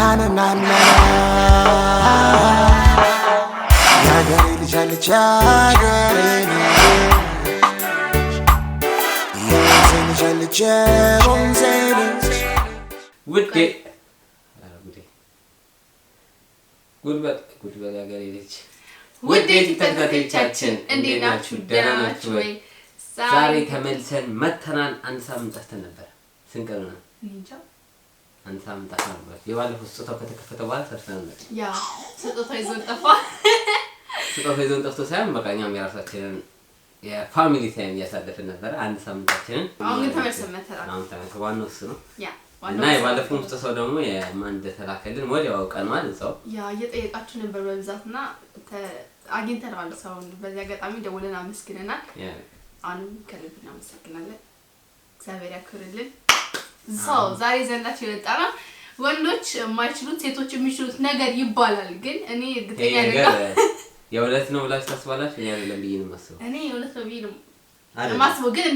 ናናናና የሀገሬ ልጅ አለች የሀገሬ የቦንሴ ልጅ አለች የቦንሴ ልጅ ውዴ ጉልበት ጉልበት ሀገሬ ልጅ ውዴ ተከታታዮቻችን እንዴት ናችሁ? ደህና ናችሁ ወይ? ዛሬ ተመልሰን መተናን። አንድ ሳምንት ጠፍተን ነበር። ስንት ቀን ሆነ? አንተ ሳምንታት ነበር የባለፈው ስጦታው ከተከፈተ በኋላ ሰርተን ነበር። ያ ስጦታ ይዞን ጠፋ። ስጦታ ይዞን ጠፍቶ ሳይሆን በቃ እኛም የራሳችንን የፋሚሊ ታይም እያሳለፍን ነበረ አንድ ሳምንታችንን። አሁን ግን ተመልሰን መተናል። አሁን ተመልሰን ዋናው እሱ ነው። ያ እና የባለፈው ስጦታው ደግሞ የማን እንደተላከልን ወዲያው አውቀነዋል። እዛው ያ እየጠየቃችሁ ነበር በብዛት እና አግኝተነዋል። ሰውን በዚህ አጋጣሚ ደውለን አመስግነናል። አሁንም ከልብ እናመሰግናለን። እግዚአብሔር ያክብርልን። ሰው ዛሬ ዘንዳችሁ ወንዶች የማይችሉት ሴቶች የሚችሉት ነገር ይባላል። ግን እኔ እርግጠኛ አይደለም። የእውነት ነው ብላችሁ ታስባላችሁ? እኔ አይደለም ብዬ ነው የማስበው። እኔ የእውነት ነው ብዬ ነው የማስበው። ግን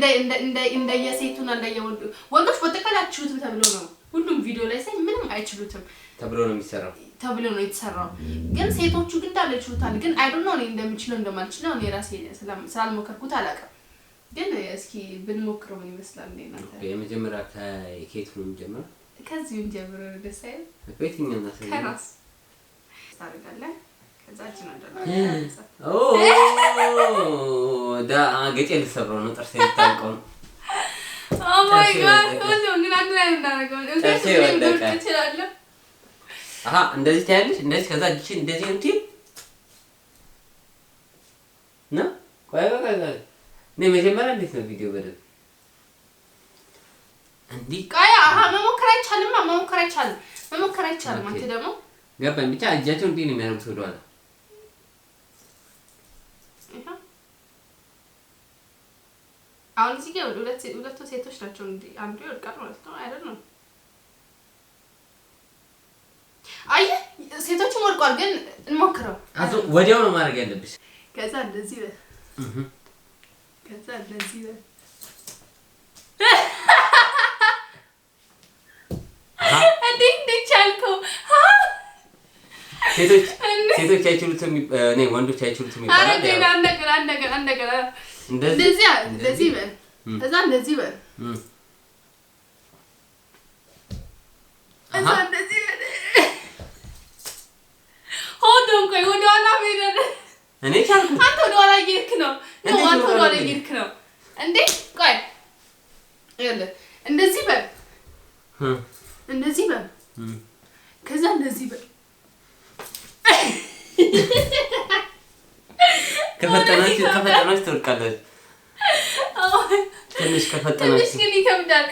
እንደየሴቱና እንደየወንዱ ወንዶች በአጠቃላይ ተብሎ ነው ሁሉም ቪዲዮ ላይ ሳይ ምንም አይችሉትም ተብሎ ነው የሚሰራው ተብሎ ነው የተሰራው። ግን ሴቶቹ ግን እንዳለ ግን ነው እኔ እንደምችለው እንደማልችለው እኔ ራሴ ስላልሞከርኩት አላውቅም። ግን እስኪ ብንሞክረው ምን ይመስላል? የመጀመሪያ ከኬት ነው የሚጀምረው? ከዚህ እንጀምረው ደስ አይል? ነው ከራስ ታደርጋለህ። ልሰብረው ነው ጥርሴ ነው። እንደዚህ ታያለሽ፣ እንደዚህ ከዛ እጅሽ እንደዚህ እንትን ነው ቆይ በቃ እኔ መጀመሪያ እንዴት ነው ቪዲዮ በደንብ እንዲህ ቃያ አሀ መሞከር አይቻልም፣ መሞከር አይቻልም፣ መሞከር አይቻልም። አንተ ደግሞ ገባኝ። ብቻ እጃቸው እንዲህ ነው የሚያደርጉት ወደኋላ አሁን እዚህ ጋር ሁለት ሁለቱ ሴቶች ናቸው። እንዴ አንዱ ይወድቃል ማለት ነው አይደል? ነው አየህ፣ ሴቶቹም ወድቋል። ግን እንሞክረው። ወዲያው ነው ማድረግ ያለብሽ። ከዛ እንደዚህ እህ ከዛ እንደዚህ እንዴት እንደቻልከው ሴቶች አይችሉትም፣ ወንዶች አይችሉትም እንደዚህ በል እኔ ካልኩ አንተ ወደ ኋላ እየሄድክ ነው። ነው አንተ ወደ ኋላ እየሄድክ ነው እንዴ? ቆይ ይኸውልህ፣ እንደዚህ በል፣ እንደዚህ በል፣ ከዛ እንደዚህ በል። ከፈጠናችሁ ከፈጠናችሁ ትወድቃለች። ትንሽ ከፈጠናችሁ ግን ይከብዳል።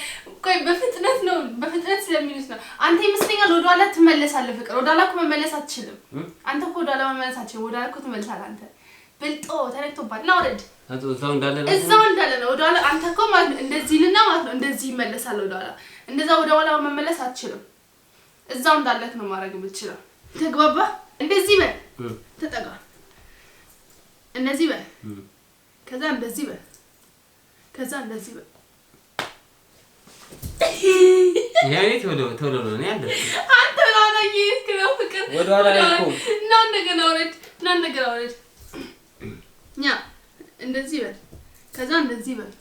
ቆይ በፍጥነት ነው በፍጥነት ስለሚሉት ነው። አንተ ይመስለኛል ወደኋላ ትመለሳለህ። ፍቅር ወደኋላ እኮ መመለስ አትችልም። አንተ እኮ ወደኋላ መመለስ አትችልም። ወደኋላ እኮ ትመለሳለህ። አንተ ብልጦ ተነክቶባት ና ወረድ እዛው እንዳለ ነው እዛው እንዳለ ነው ወደኋላ አንተ እኮ ማለት እንደዚህ ልና ማለት ነው እንደዚህ ይመለሳል ወደኋላ። እንደዛ ወደኋላ መመለስ አትችልም። እዛው እንዳለት ነው ማድረግ የምትችለው። ተግባባ። እንደዚህ በል ተጠጋ። እነዚህ በል ከዛ እንደዚህ በል ከዛ እንደዚህ ቶሎ ነው አንተ ላላ ፍቅር እና እንደገና ወረድ እና እንደገና ወረድ እንደዚህ በል ከዛ እንደዚህ በል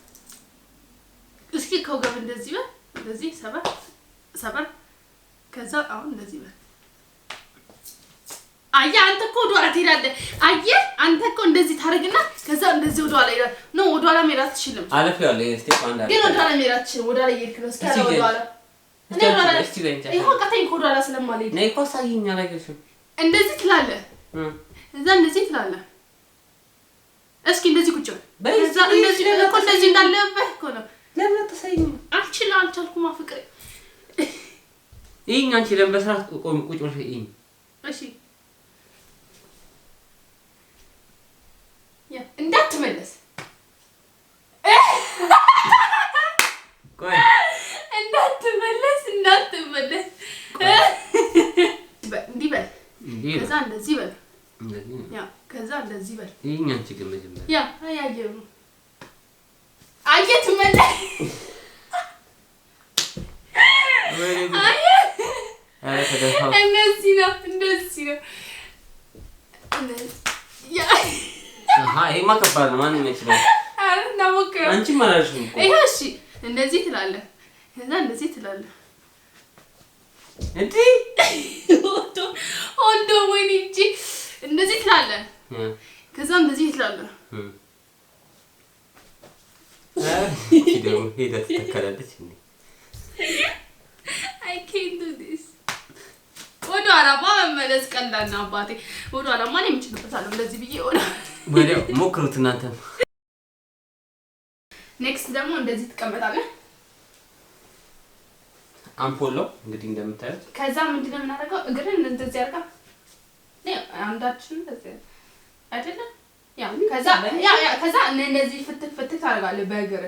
እስኪ ከውገብ እንደዚህ በል እንደዚህ ሰበር ሰበር ከዛ አሁን እንደዚህ በል አየ አንተ እኮ ወደኋላ ትሄዳለህ። አየ አንተ እኮ እንደዚህ ታደርግና ከዛ እንደዚህ ወደኋላ ይላል። ኖ ወደኋላ መሄድ አትችልም። አለፍ ያለ ነው። እኔ እስቲ እንደዚህ ትላለህ። እዛ እንደዚህ ትላለህ። እስኪ እንደዚህ ቁጭ በይ። እዛ እንደዚህ ነው እንደዚህ እንዳለበት እኮ ነው። ለምን አትሰይኝ? አልችልም፣ አልቻልኩም። ቁጭ እሺ እንዳትመለስ እንዳትመለስ እንዳትመለስ እንዲህ በል፣ ከዛ እንደዚህ በል፣ ከዛ እንደዚህ በል። ነው። አንቺ አላልሽም እኮ እሺ እንደዚህ ትላለህ፣ ከዛ እንደዚህ ትላለህ። እንዴ ወዶ ወዶ ወይኔ እንጂ እንደዚህ ትላለህ፣ ከዛ እንደዚህ ትላለህ። ሄዳ ትተከላለች። አይ ኬን ዱ ዲስ ወደ አላማ መመለስ ቀላል ነው አባቴ። ወደ አላማ ነው የምችልበት አለው። እንደዚህ ብዬ ሆነ ወዲያው ሞክሩት እናንተም ኔክስት ደግሞ እንደዚህ ትቀመጣለህ። አምፖል ነው እንግዲህ እንደምታዩት። ከዛ ምንድን ነው የምናደርገው? እግርን እንደዚህ አርጋ አንዳችን አይደለም። ከዛ እንደዚህ ፍትት ፍትት ታደርጋለህ በእግር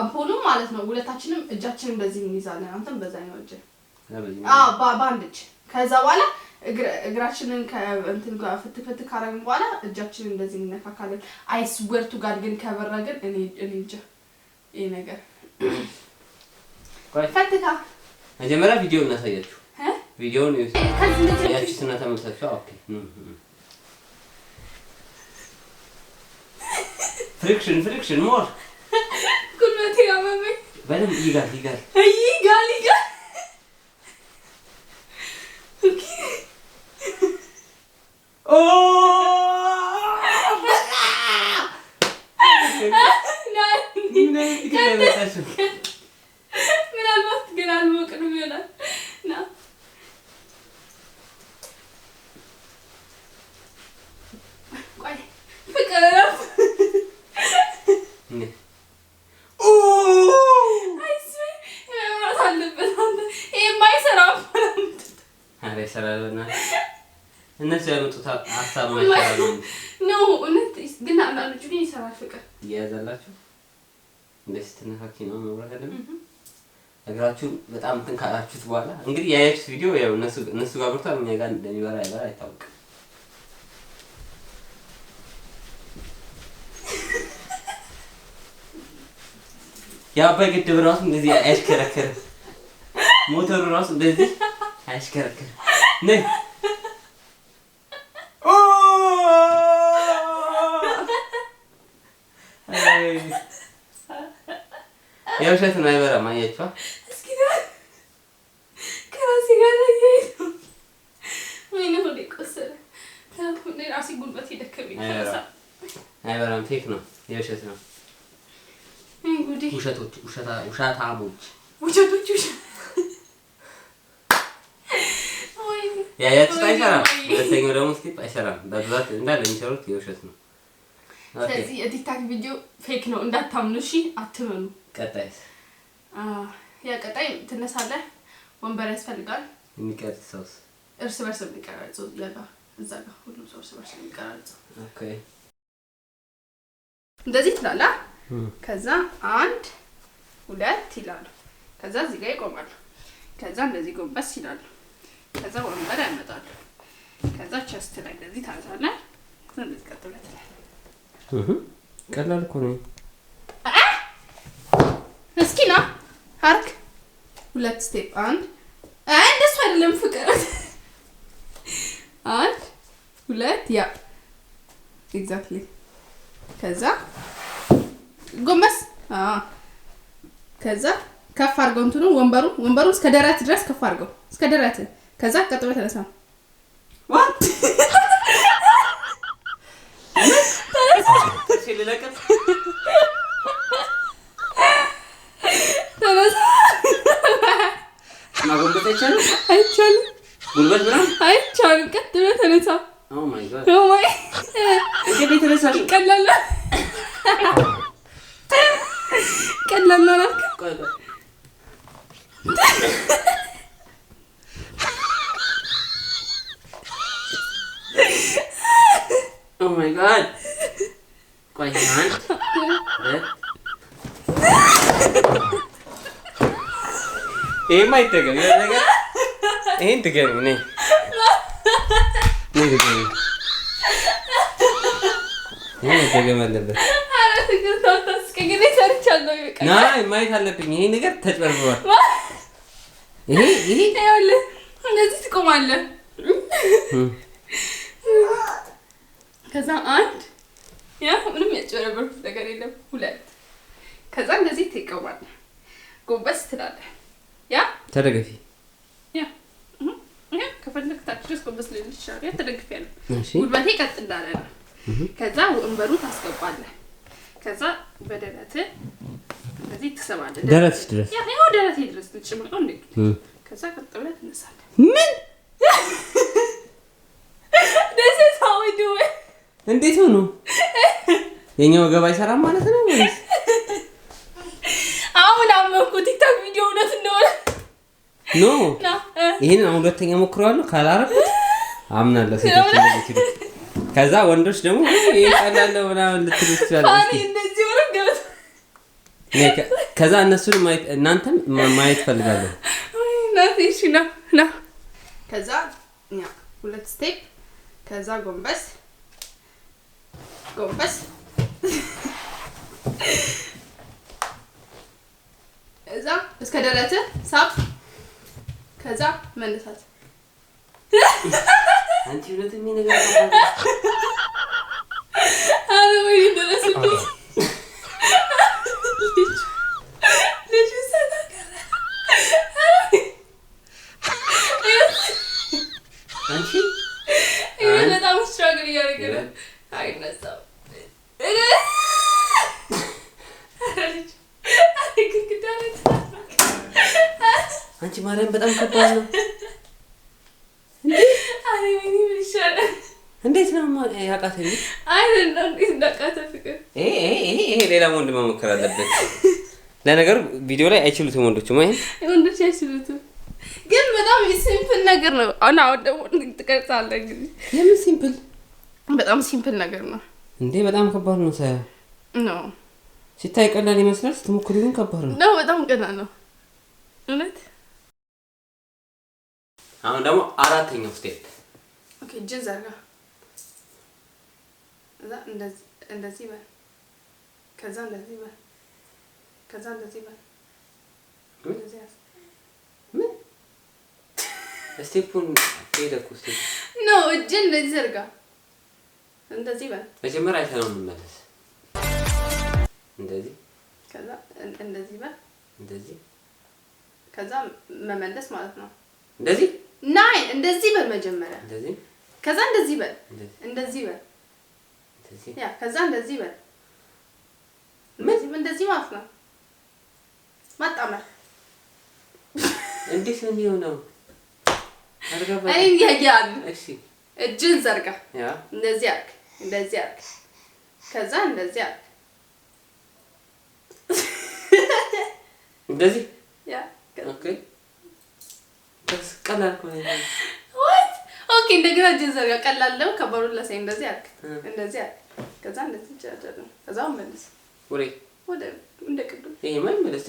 አምፖሉ ማለት ነው። ሁለታችንም እጃችንን በዚህ እንይዛለን። አንተም በዛኛው እጅ በአንድ እጅ ከዛ በኋላ እግራችንን ከእንትን ጋር ፍት ፍት ካረግን በኋላ እጃችንን እንደዚህ እንነካካለን። አይስዌር ቱ ጋር ግን ከበረ ግን እኔ እኔ እንጃ ይሄ ነገር ፈትካ መጀመሪያ ቪዲዮ እናሳያችሁ። ቪዲዮን ቪዲዮውን ያችትና ተመልሳችሁ ፍሪክሽን ፍሪክሽን ሞር ጉልበቴ ያመመኝ በደንብ ይጋል ይጋል ይጋል ይጋል ይሰራል። እነሱ ያመጡት ሀሳብ ማይሰራል ነው። እውነት ግን አንዳንዶቹ ግን ይሰራል። ፍቅር እያያዛላችሁ ስትነካኪ ነው መብራት አይደለም። እግራችሁን በጣም እንትን ካላችሁት በኋላ እንግዲህ ያያችሁት ቪዲዮ ያው እነሱ እነሱ ጋር ብርቷል። እኛ ጋር እንደሚበራ ይበራ አይታወቅም። የአባይ ግድብ ራሱ እንደዚህ አያሽከረከርም። ሞተሩ ራሱ እንደዚህ አያሽከረከርም። Ne? የውሸት ነው፣ አይበራም። አያችኋ አይበራም። ፌክ ነው፣ የውሸት ነው። ውሸቶች ውሸታሞች ያያችሁት አይሰራም። ሁለተኛው ደግሞ ስኪፕ አይሰራም። በብዛት እንዳለ የሚሰሩት የውሸት ነው። ስለዚህ የቲክታክ ቪዲዮ ፌክ ነው እንዳታምኑ፣ እሺ አትመኑ። ቀጣይ ያ ቀጣይ ትነሳለህ። ወንበር ያስፈልጋል። የሚቀርጽ ሰውስ እርስ በርስ የሚቀራርጸው እዛ እዛ ጋር ሁሉም ሰው እርስ በርስ የሚቀራርጸው እንደዚህ ትላለህ። ከዛ አንድ ሁለት ይላሉ። ከዛ እዚህ ጋር ይቆማሉ። ከዛ እንደዚህ ጎንበስ ይላሉ። ከዛ ወንበር ያመጣሉ። ከዛ ቸስት ላይ እንደዚህ ታዛለህ። እንደዚህ ቀላል እኮ ነው። እስኪ ና ሁለት ስቴፕ አንድ እንደሱ አይደለም ፍቅር አንድ ሁለት ያ ኤግዛክትሊ። ከዛ ጎንበስ ከዛ ከፍ አድርገው እንትኑ ወንበሩ ወንበሩ እስከ ደረት ድረስ ከፍ አድርገው እስከ ደረት ከዛ ቀጥሎ ተነሳ አይቻልም። ቀጥ ብለህ ተነሳ። ቀላል ነው አላልክም? የማይደገም ነገር ይሄን ማየት አለብኝ። ይሄ ነገር ተጭበርብሯል። እንደዚህ ትቆማለህ። ከዛ አንድ ያ ምንም ያጭበረበርኩት ነገር የለም። ሁለት ከዛ እንደዚህ ትቆማለህ። ጎንበስ ትላለህ ያ ተደገፊ ያ ከፈለግ ታች ድረስ ያለ ጉልበቴ ቀጥ እንዳለ ነው። ከዛ ወንበሩ ታስገባለህ። ከዛ በደረት እንደዚህ ትሰባለህ። ደረት ድረስ ያው ደረት ድረስ ከዛ ቀጥ ምን እንዴት ሆኖ የኛ ወገብ አይሰራም ማለት ነው ወይስ ኖ ይህንን አሁን ሁለተኛ ሞክረዋለሁ ካላረኩት አምናለሁ። ሴቶች ከዛ ወንዶች ደግሞ ይቀላለ ምናምን ልትሉ ትችላለች። ከዛ እነሱን ማየት ማየት ፈልጋለሁ። ከዛ ሁለት ስቴፕ፣ ከዛ ጎንበስ ጎንበስ እዛ እስከ ደረትህ ሳፍ ከዛ መነሳት አንቺ አንቺ ማርያም በጣም ከባድ ነው። እንዴት ነው ያቃተ? ይሄ ሌላ ወንድ መሞከር አለበት። ለነገሩ ቪዲዮ ላይ አይችሉትም ወንዶች፣ ወንዶች አይችሉትም። ግን በጣም ሲምፕል ነገር ነው። አሁን አሁን ደግሞ ትቀርጻለህ እንግዲህ። ለምን ሲምፕል? በጣም ሲምፕል ነገር ነው እንዴ! በጣም ከባድ ነው። ሳያ ነው ሲታይ ቀላል ይመስላል፣ ስትሞክሩ ግን ከባድ ነው። በጣም ቀላል ነው እውነት አሁን ደግሞ አራተኛው ስቴፕ ኦኬ፣ እጅን ዘርጋ። እዛ እንደዚህ እንደዚህ በል፣ ከዛ እንደዚህ በል፣ ከዛ እንደዚህ በል። ምን ስቴፑን ሄደኩ። ስቴፕ ነው። እጅን እንደዚህ ዘርጋ፣ እንደዚህ በል። መጀመሪያ አይተህ እንመለስ። እንደዚህ ከዛ እንደዚህ በል፣ እንደዚህ ከዛ መመለስ ማለት ነው። እንደዚህ ናይ እንደዚህ በል መጀመሪያ፣ እንደዚህ ከዛ እንደዚህ በል፣ እንደዚህ በል፣ ያ ከዛ እንደዚህ በል። ምን እንደዚህ ማለት ነው ማጣመር። እንዴት ነው የሚሆነው? አይ ያያል። እሺ እጅን ዘርጋ። እንደዚህ አድርግ፣ እንደዚህ አድርግ፣ ከዛ እንደዚህ አድርግ፣ እንደዚህ ያ ኦኬ ቀላል ኦኬ። እንደገና እጅን ዘርጋ። ቀላል ነው ከባዱ ለሳይ እንደዚህ አድርግ፣ እንደዚህ አድርግ። ከዛ እንደዚህ ይችላል። ከዛው መልስ ወሬ ወደ እንደ ቅዱስ ይሄ ምን መልስ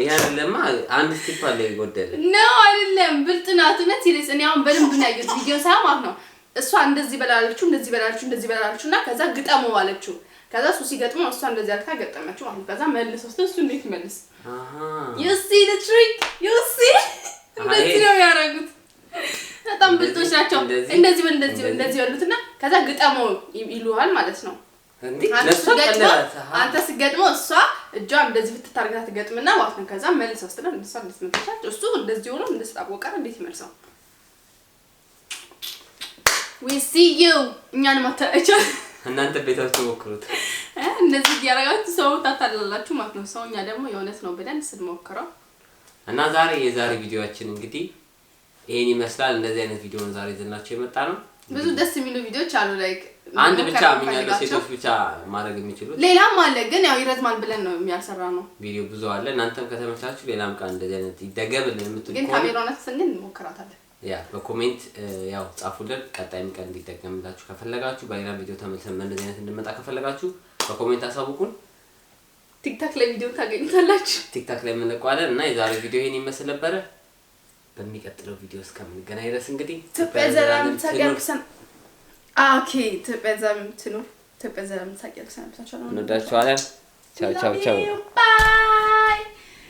ይሄ አይደለም። አንድ ስቲፕ አለ ይጎደል ነው አይደለም። ብልጥናቱ ነት ሲሪየስ። እኔ አሁን በደንብ ነው ያየሁት ቪዲዮ ሳያማት ነው እሷ እንደዚህ በላለችው፣ እንደዚህ በላለችው፣ እንደዚህ በላለችው እና ከዛ ግጠሙ አለችው ከዛ እሱ ሲገጥመው እሷ እንደዚህ አድርጋ ገጠመችው ማለት ከዛ መልስ ወስደ እሱ እንዴት ይመልስ? ዩሲ ዘ ትሪክ ዩሲ እንደዚህ ነው ያደረጉት። በጣም ብልጦች ናቸው። እንደዚህ እንደዚህ እንደዚህ ያሉትና ከዛ ግጠመው ይሉሃል ማለት ነው። አንተ ስገጥመው እሷ እጇ እንደዚህ ብትታርጋ ትገጥምና ማለት ነው። ከዛ መልስ ወስደ እንደሷ እንደስመጣች እሱ እንደዚህ ሆኖ እንደዚህ እንደስጣቆቀ እንዴት ይመልሰው? ዊ ሲ ዩ እኛን ማታጫ እናንተ ቤታችሁ ሞክሩት። እንደዚህ እያደረጋችሁ ሰው ታታላላችሁ ማለት ነው። ሰውኛ ደግሞ የእውነት ነው ብለን ስንሞክረው እና ዛሬ የዛሬ ቪዲዮችን እንግዲህ ይሄን ይመስላል። እንደዚህ አይነት ቪዲዮ ነው ዛሬ ይዘናችሁ የመጣ ነው። ብዙ ደስ የሚሉ ቪዲዮዎች አሉ። ላይክ አንድ ብቻ የሚያለው ሴቶች ብቻ ማድረግ የሚችሉት ሌላም አለ፣ ግን ያው ይረዝማል ብለን ነው የሚያሰራ ነው ቪዲዮ ብዙ አለ። እናንተም ከተመቻችሁ ሌላም ቃል እንደዚህ አይነት ይደገብልን የምትሉ ግን ካሜራ ነት ስንል እንሞክራታለን። ያ በኮሜንት ያው ጻፉልን። ቀጣይም ቀን እንዲጠቀምላችሁ ከፈለጋችሁ በሌላ ቪዲዮ ተመልሰን እንደዚህ አይነት እንድመጣ ከፈለጋችሁ በኮሜንት አሳውቁን። ቲክታክ ላይ ቪዲዮን ታገኙታላችሁ። ቲክታክ ላይ የምንለቀዋለን እና የዛሬው ቪዲዮ ይሄን ይመስል ነበረ። በሚቀጥለው ቪዲዮ እስከምንገናኝ ድረስ እንግዲህ ኢትዮጵያ ዘላለም ታውቂያለሽ ሰን ኦኬ። ኢትዮጵያ ዘላለም ትኑር። ኢትዮጵያ ዘላለም ታውቂያለሽ ሰን እንወዳችኋለን። ቻው ቻው ቻው።